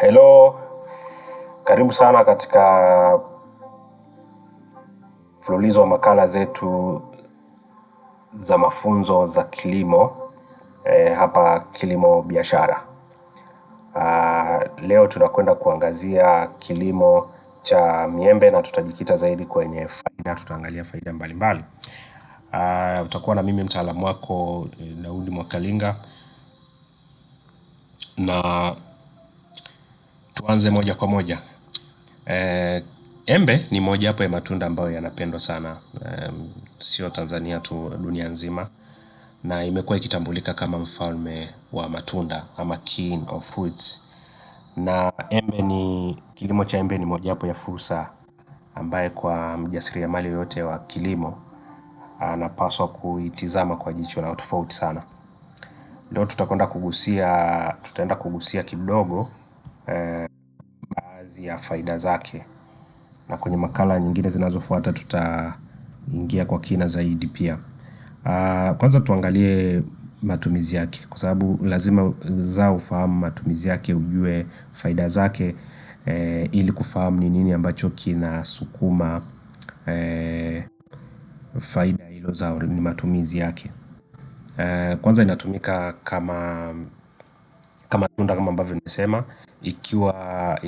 Hello, karibu sana katika mfululizo wa makala zetu za mafunzo za kilimo e, hapa Kilimo Biashara. Ah, leo tunakwenda kuangazia kilimo cha miembe na tutajikita zaidi kwenye faida, tutaangalia faida mbalimbali mbali. Ah, utakuwa na mimi mtaalamu wako eh, Daudi Mwakalinga na Tuanze moja kwa moja. E, embe ni moja ya matunda ambayo yanapendwa sana e, sio Tanzania tu, dunia nzima, na imekuwa ikitambulika kama mfalme wa matunda ama king of fruits. Na embe ni kilimo cha embe ni moja ya fursa ambaye kwa mjasiriamali yoyote wa kilimo anapaswa kuitizama kwa jicho la tofauti sana. Leo tutakwenda kugusia, tutaenda kugusia kidogo Eh, baadhi ya faida zake, na kwenye makala nyingine zinazofuata tutaingia kwa kina zaidi pia. Uh, kwanza tuangalie matumizi yake, kwa sababu lazima za ufahamu matumizi yake, ujue faida zake e, ili kufahamu ni nini ambacho kinasukuma e, faida hilo zao ni matumizi yake. E, kwanza inatumika kama kama tunda kama ambavyo nimesema ikiwa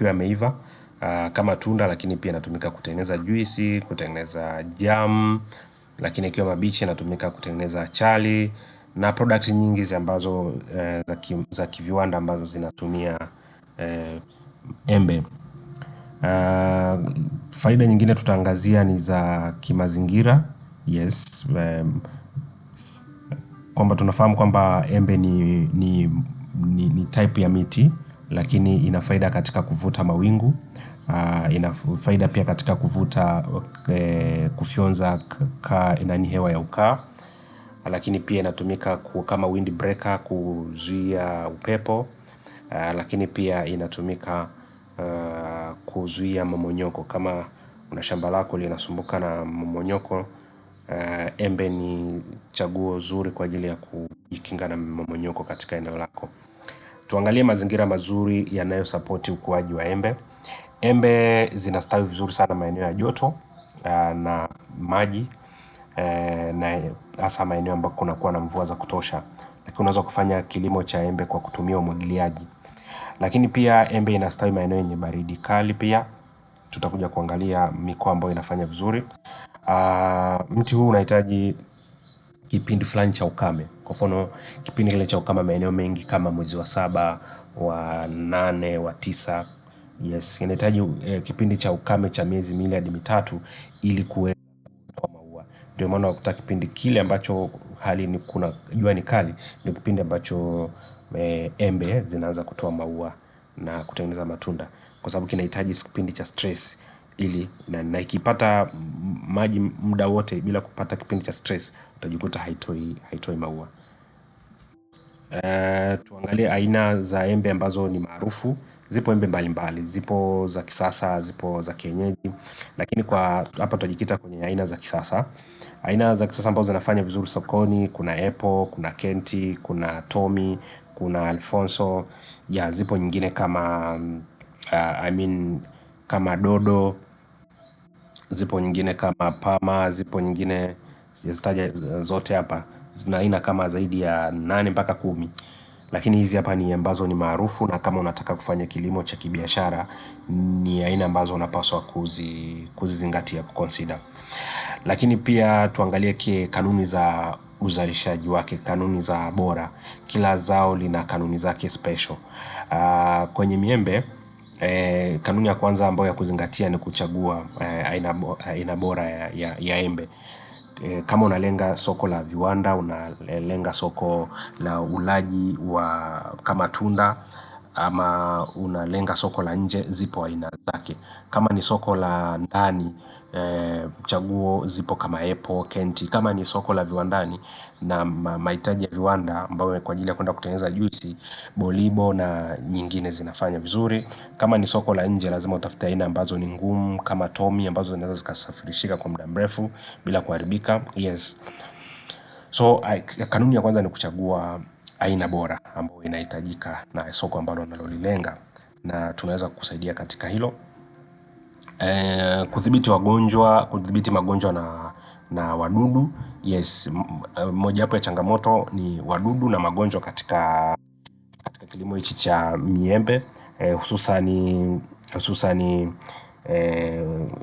yameiva ah, kama tunda lakini pia inatumika kutengeneza juisi, kutengeneza jam lakini ikiwa mabichi inatumika kutengeneza chali na product nyingi ambazo eh, za kiviwanda ambazo zinatumia eh, embe ah, faida nyingine tutaangazia ni za kimazingira Yes eh, kwamba tunafahamu kwamba embe ni ni, ni type ya miti lakini ina faida katika kuvuta mawingu uh, ina faida pia katika kuvuta eh, kufyonza ka nani hewa ya ukaa lakini pia inatumika kama wind breaker kuzuia upepo uh, lakini pia inatumika uh, kuzuia momonyoko kama una shamba lako linasumbuka na momonyoko uh, embe ni chaguo zuri kwa ajili ya ku kujikinga na mmomonyoko katika eneo lako. Tuangalie mazingira mazuri yanayosapoti ukuaji wa embe. Embe zinastawi vizuri sana maeneo ya joto eh, na maji eh, na hasa maeneo ambako kunakuwa na mvua za kutosha. Lakini unaweza kufanya kilimo cha embe kwa kutumia umwagiliaji. Lakini pia embe inastawi maeneo yenye baridi kali pia tutakuja kuangalia mikoa ambayo inafanya vizuri Aa, ah, mti huu unahitaji kipindi fulani cha ukame kwa mfano kipindi kile cha ukame maeneo mengi kama mwezi wa saba, wa nane, wa tisa Yes, inahitaji eh, kipindi cha ukame cha miezi miwili hadi mitatu ili kuweza ndio maana wakuta kipindi kile ambacho hali ni kuna jua ni kali ndio kipindi ambacho eh, embe zinaanza kutoa maua na kutengeneza matunda Kwa sababu kinahitaji kipindi cha stress ili na, na ikipata maji muda wote bila kupata kipindi cha stress utajikuta haitoi, haitoi maua. Uh, tuangalie aina za embe ambazo ni maarufu. Zipo embe mbalimbali, zipo za kisasa, zipo za kienyeji Lakini kwa hapa tutajikita kwenye aina za kisasa aina za kisasa ambazo zinafanya vizuri sokoni, kuna apple, kuna kenti, kuna tommy, kuna alfonso ya zipo nyingine kama mm, ah, I mean kama dodo, zipo nyingine kama pama, zipo nyingine sijazitaja zote hapa, zina aina kama zaidi ya nane mpaka kumi, lakini hizi hapa ni ambazo ni maarufu, na kama unataka kufanya kilimo cha kibiashara ni aina ambazo unapaswa kuzi, kuzizingatia kuconsider. Lakini pia tuangalie kanuni za uzalishaji wake, kanuni za bora. Kila zao lina kanuni zake special. Aa, ah, kwenye miembe E, kanuni ya kwanza ambayo ya kuzingatia ni kuchagua e, aina, aina bora ya, ya, ya embe e, kama unalenga soko la viwanda, unalenga soko la ulaji wa kama tunda ama unalenga soko la nje zipo aina zake kama ni soko la ndani eh, chaguo zipo kama epo kenti kama ni soko la viwandani na mahitaji ya viwanda ambayo kwa ajili ya kwenda kutengeneza juisi Bolibo na nyingine zinafanya vizuri kama ni soko la nje lazima utafute aina ambazo ni ngumu kama tomi ambazo zinaweza zikasafirishika kwa muda mrefu bila kuharibika Yes So kanuni ya kwanza ni kuchagua aina bora ambayo inahitajika na soko ambalo nalolilenga na tunaweza kusaidia katika hilo eh, kudhibiti wagonjwa, kudhibiti magonjwa na, na wadudu Yes, eh, mojawapo ya changamoto ni wadudu na magonjwa katika katika kilimo hichi cha miembe eh, hususani hususani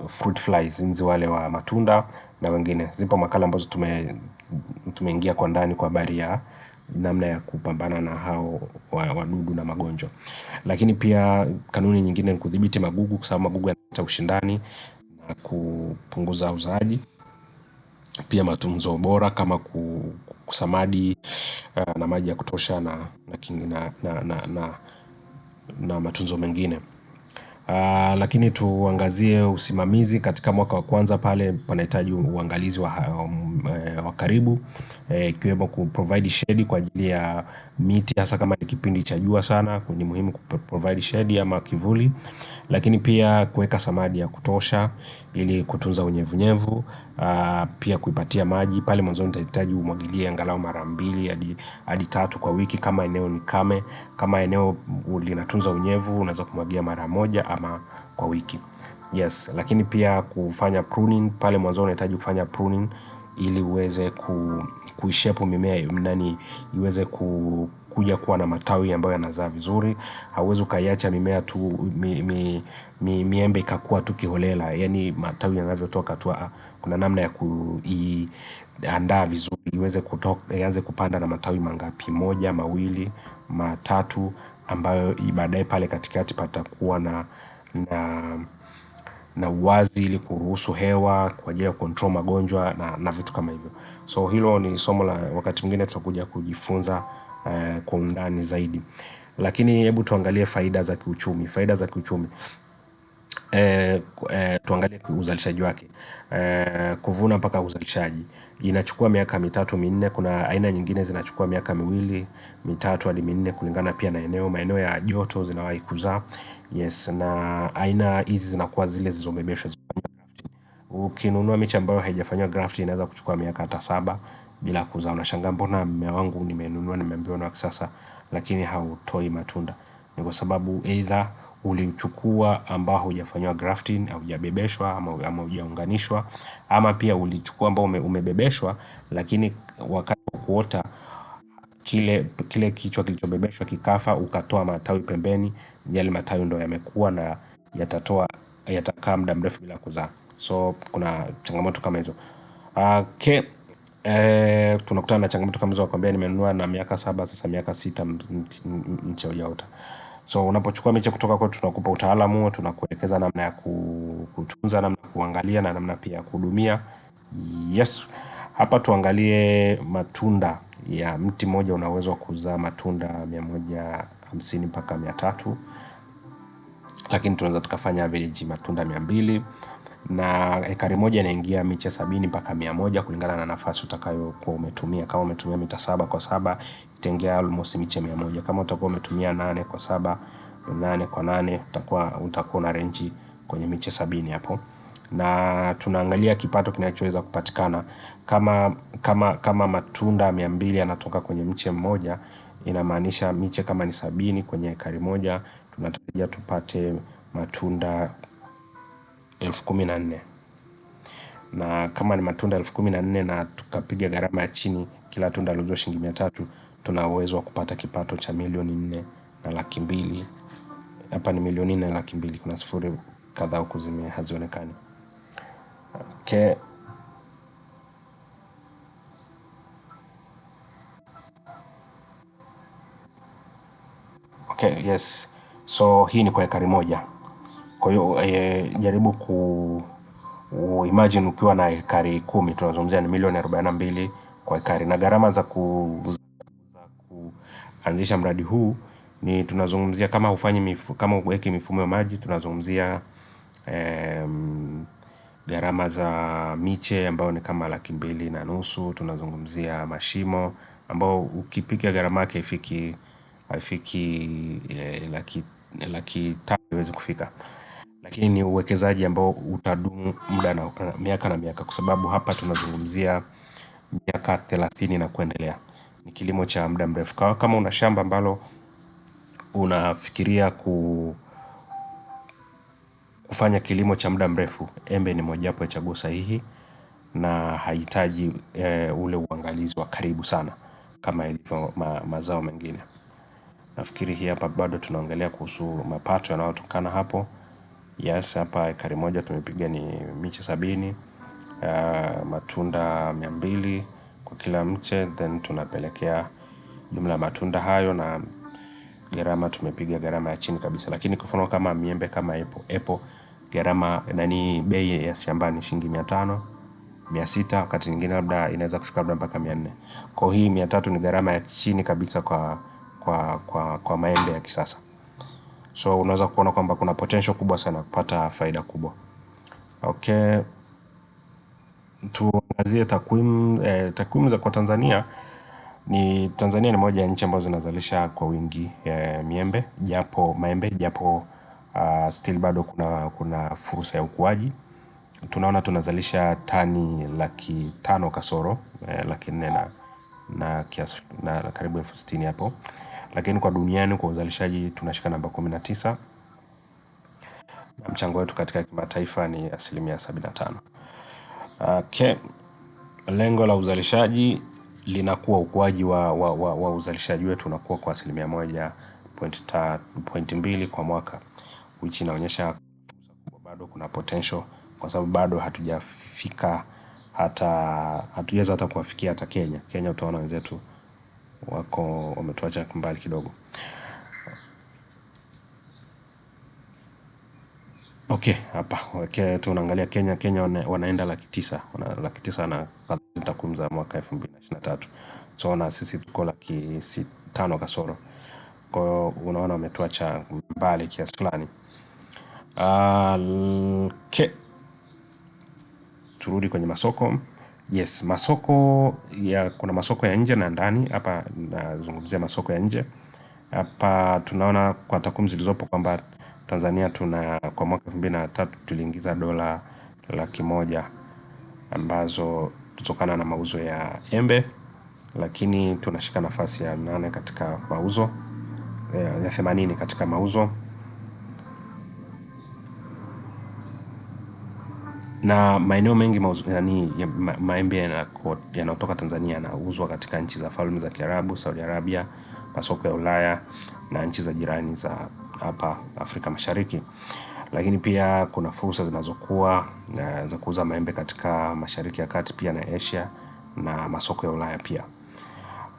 fruit flies, nzi wale wa matunda na wengine. Zipo makala ambazo tumeingia kwa ndani kwa habari ya namna ya kupambana na hao wadudu na magonjwa. Lakini pia kanuni nyingine ni kudhibiti magugu kwa sababu magugu yanaleta ushindani na kupunguza uzaaji. Pia matunzo bora kama kusamadi eh, na maji ya kutosha na na matunzo mengine. Ah, lakini tuangazie usimamizi katika mwaka wa kwanza pale panahitaji uangalizi wa um, eh, karibu eh, ikiwemo kuprovide shade kwa ajili ya miti hasa kama ni kipindi cha jua sana ni muhimu kuprovide shade ama kivuli Lakini pia kuweka samadi ya kutosha ili kutunza unyevunyevu ah, Pia kuipatia maji pale mwanzoni utahitaji umwagilie angalau mara mbili hadi tatu kwa wiki kama eneo ni kame kama eneo linatunza unyevu Unaweza kumwagia mara moja ama kwa wiki. Yes, lakini pia kufanya pruning, pale mwanzo unahitaji kufanya pruning ili uweze ku, kuishape mimea nani iweze ku, kuja kuwa na matawi ambayo yanazaa vizuri. Hauwezi ukaiacha mimea tu mi, mi, mi, miembe ikakuwa tu kiholela, yani matawi yanavyotoka tu. Ah, kuna namna ya kuiandaa vizuri iweze kutoka, ianze kupanda na matawi mangapi, moja, mawili, matatu ambayo baadaye pale katikati patakuwa na, na, na uwazi ili kuruhusu hewa kwa ajili ya control magonjwa na, na vitu kama hivyo. So hilo ni somo la wakati mwingine tutakuja kujifunza uh, kwa undani zaidi. Lakini hebu tuangalie faida za kiuchumi. Faida za kiuchumi eh, eh, tuangalie uzalishaji wake, eh, kuvuna mpaka uzalishaji inachukua miaka mitatu minne. Kuna aina nyingine zinachukua miaka miwili mitatu hadi minne kulingana pia na eneo. Maeneo ya joto zinawahi kuzaa yes, na aina hizi zinakuwa zile zilizobebeshwa. Ukinunua miche ambayo haijafanyiwa graft inaweza kuchukua miaka hata saba bila kuzaa. Unashangaa mbona mmea wangu nimenunua nimeambiwa ni wa kisasa lakini hautoi matunda ni kwa sababu aidha uliuchukua ambao haujafanyiwa grafting, haujabebeshwa ama hujaunganishwa ama pia ulichukua ambao umebebeshwa lakini wakati wa kuota kile kile kichwa kilichobebeshwa kikafa ukatoa matawi pembeni, yale matawi ndo yamekuwa na yatatoa yatakaa muda mrefu bila kuzaa. So kuna changamoto kama hizo. Ah, Eh, tunakutana na changamoto kama hizo nakwambia, nimenunua na miaka saba sasa miaka sita mche hujaota. So unapochukua miche kutoka kwetu, tunakupa utaalamu, tunakuelekeza namna ya kutunza, namna kuangalia na namna pia ya kuhudumia. Yes, hapa tuangalie matunda ya mti mmoja unaweza kuzaa matunda mia moja hamsini mpaka mia tatu lakini tunaweza tukafanya average matunda mia mbili na ekari moja inaingia miche sabini mpaka mia moja kulingana na nafasi utakayokuwa umetumia. Kama umetumia mita saba kwa saba itaingia almost miche mia moja. Kama utakuwa umetumia nane kwa saba nane kwa nane utakuwa utakuwa na renji kwenye miche sabini hapo na tunaangalia kipato kinachoweza kupatikana kama, kama, kama matunda mia mbili yanatoka kwenye mche mmoja inamaanisha miche kama ni sabini kwenye ekari moja tunatarajia tupate matunda elfu kumi na nne na kama ni matunda elfu kumi na nne na tukapiga gharama ya chini kila tunda liuzwe shilingi mia tatu tuna uwezo wa kupata kipato cha milioni nne na laki mbili hapa ni milioni nne na laki mbili kuna sifuri kadhaa huku zime hazionekani okay. Okay, yes so hii ni kwa ekari moja kwa hiyo eh, jaribu imagine ukiwa na ekari kumi tunazungumzia ni milioni arobaini na mbili kwa ekari na gharama za kuanzisha mradi huu ni tunazungumzia kama mifu, kama huweki mifumo ya maji tunazungumzia gharama za miche ambayo ni kama laki mbili na nusu tunazungumzia mashimo ambao ukipiga gharama yake haifiki eh, laki tano haiwezi kufika lakini ni uwekezaji ambao utadumu muda na miaka na miaka kwa sababu hapa tunazungumzia miaka thelathini na kuendelea ni kilimo cha muda mrefu kama una shamba ambalo unafikiria kufanya kilimo cha muda mrefu embe ni mojawapo ya chaguo sahihi na haihitaji eh, ule uangalizi wa karibu sana kama ilivyo mazao mengine nafikiri hii hapa bado tunaongelea kuhusu mapato yanayotokana hapo Yes, hapa ekari moja tumepiga ni miche sabini eh, matunda mia mbili kwa kila mche then tunapelekea jumla matunda hayo na gharama tumepiga gharama ya chini kabisa lakini kwa mfano kama miembe kama epo epo gharama nani bei ya shambani shilingi mia tano mia sita wakati nyingine labda inaweza kushuka labda mpaka mia nne kwa hii mia tatu ni gharama ya chini kabisa kwa kwa kwa maembe ya kisasa so unaweza kuona kwamba kuna potential kubwa sana kupata faida kubwa okay tuangazie takwimu eh, takwimu za kwa Tanzania ni Tanzania ni moja ya nchi ambazo zinazalisha kwa wingi eh, miembe japo maembe japo uh, still bado kuna, kuna fursa ya ukuaji tunaona tunazalisha tani laki tano kasoro eh, laki nne na, na, kias, na karibu elfu sitini hapo lakini kwa duniani kwa uzalishaji tunashika namba 19 na mchango wetu katika kimataifa ni asilimia 75. Okay. Lengo la uzalishaji linakuwa ukuaji wa, wa, wa, wa uzalishaji wetu unakuwa kwa asilimia moja point, mbili kwa mwaka which inaonyesha bado kuna potential kwa sababu bado hatujafika hata hatujaweza hata kuwafikia hata Kenya. Kenya utaona wenzetu wako wametuacha mbali kidogo. Okay, hapa okay, tunaangalia Kenya. Kenya wanaenda laki tisa wana, laki tisa na takwimu za mwaka elfu mbili na ishirini na tatu so na sisi tuko laki sitano kasoro. Kwa hiyo unaona wametuacha mbali kiasi fulani. Uh, ah, okay. Turudi kwenye masoko. Yes, masoko ya kuna masoko ya nje na ndani. Hapa nazungumzia masoko ya nje. Hapa tunaona kwa takwimu zilizopo kwamba Tanzania tuna kwa mwaka elfu mbili na tatu tuliingiza dola laki moja ambazo kutokana na mauzo ya embe, lakini tunashika nafasi ya nane katika mauzo ya themanini katika mauzo na maeneo mengi maembe yanayotoka Tanzania yanauzwa katika nchi za falme za Kiarabu, Saudi Arabia, masoko ya Ulaya na nchi za jirani za hapa Afrika Mashariki. Lakini pia kuna fursa zinazokuwa eh, za kuuza maembe katika Mashariki ya Kati pia na Asia na masoko ya Ulaya pia.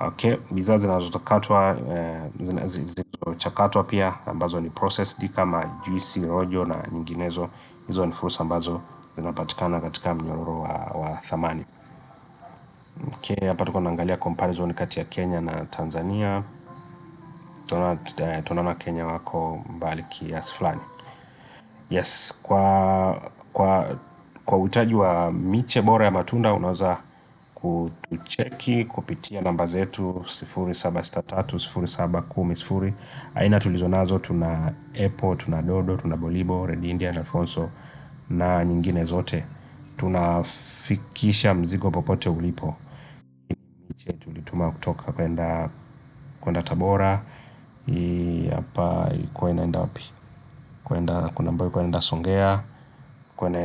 Okay, bidhaa zinazotokatwa eh, zinazochakatwa pia ambazo ni processed kama juisi, rojo na nyinginezo. Hizo ni fursa ambazo zinapatikana katika mnyororo wa, wa thamani. Okay, hapa tuko naangalia comparison kati ya Kenya na Tanzania. Eh, tunaona Kenya wako mbali kiasi fulani. Yes, kwa kwa kwa uhitaji wa miche bora ya matunda unaweza kutucheki kupitia namba zetu 07630710 aina tulizonazo tuna Apple, tuna Dodo, tuna Bolibo, Red India, Alfonso na nyingine zote Tunafikisha mzigo popote ulipo Miche tulituma kutoka kwenda kwenda Tabora hapa ilikuwa inaenda wapi kwenda kuna ambayo ilikuwa inaenda Songea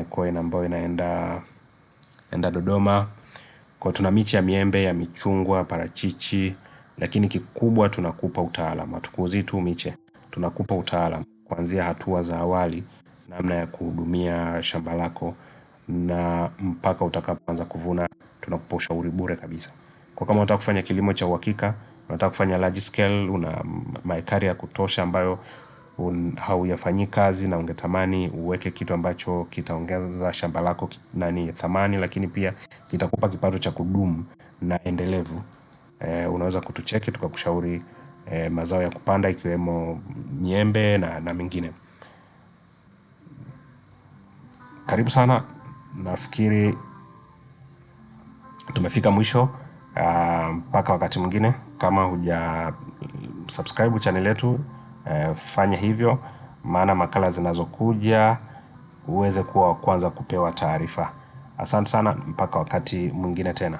kuna ambayo inaenda Dodoma kwa tuna miche ya miembe, ya michungwa, parachichi, lakini kikubwa tunakupa utaalamu. Hatukuuzii tu miche, tunakupa utaalamu. Kuanzia hatua za awali namna ya kuhudumia shamba lako na mpaka utakapoanza kuvuna tunakupa ushauri bure kabisa. Kwa kama unataka kufanya kilimo cha uhakika, unataka kufanya large scale, una maekari ya kutosha ambayo hauyafanyi kazi na ungetamani uweke kitu ambacho kitaongeza shamba lako nani thamani lakini pia kitakupa kipato cha kudumu na endelevu e, Unaweza kutucheki tukakushauri e, mazao ya kupanda ikiwemo miembe na mengine karibu sana nafikiri tumefika mwisho mpaka wakati mwingine kama huja subscribe channel yetu. Eh, fanya hivyo maana makala zinazokuja uweze kuwa wa kwanza kupewa taarifa. Asante sana mpaka wakati mwingine tena.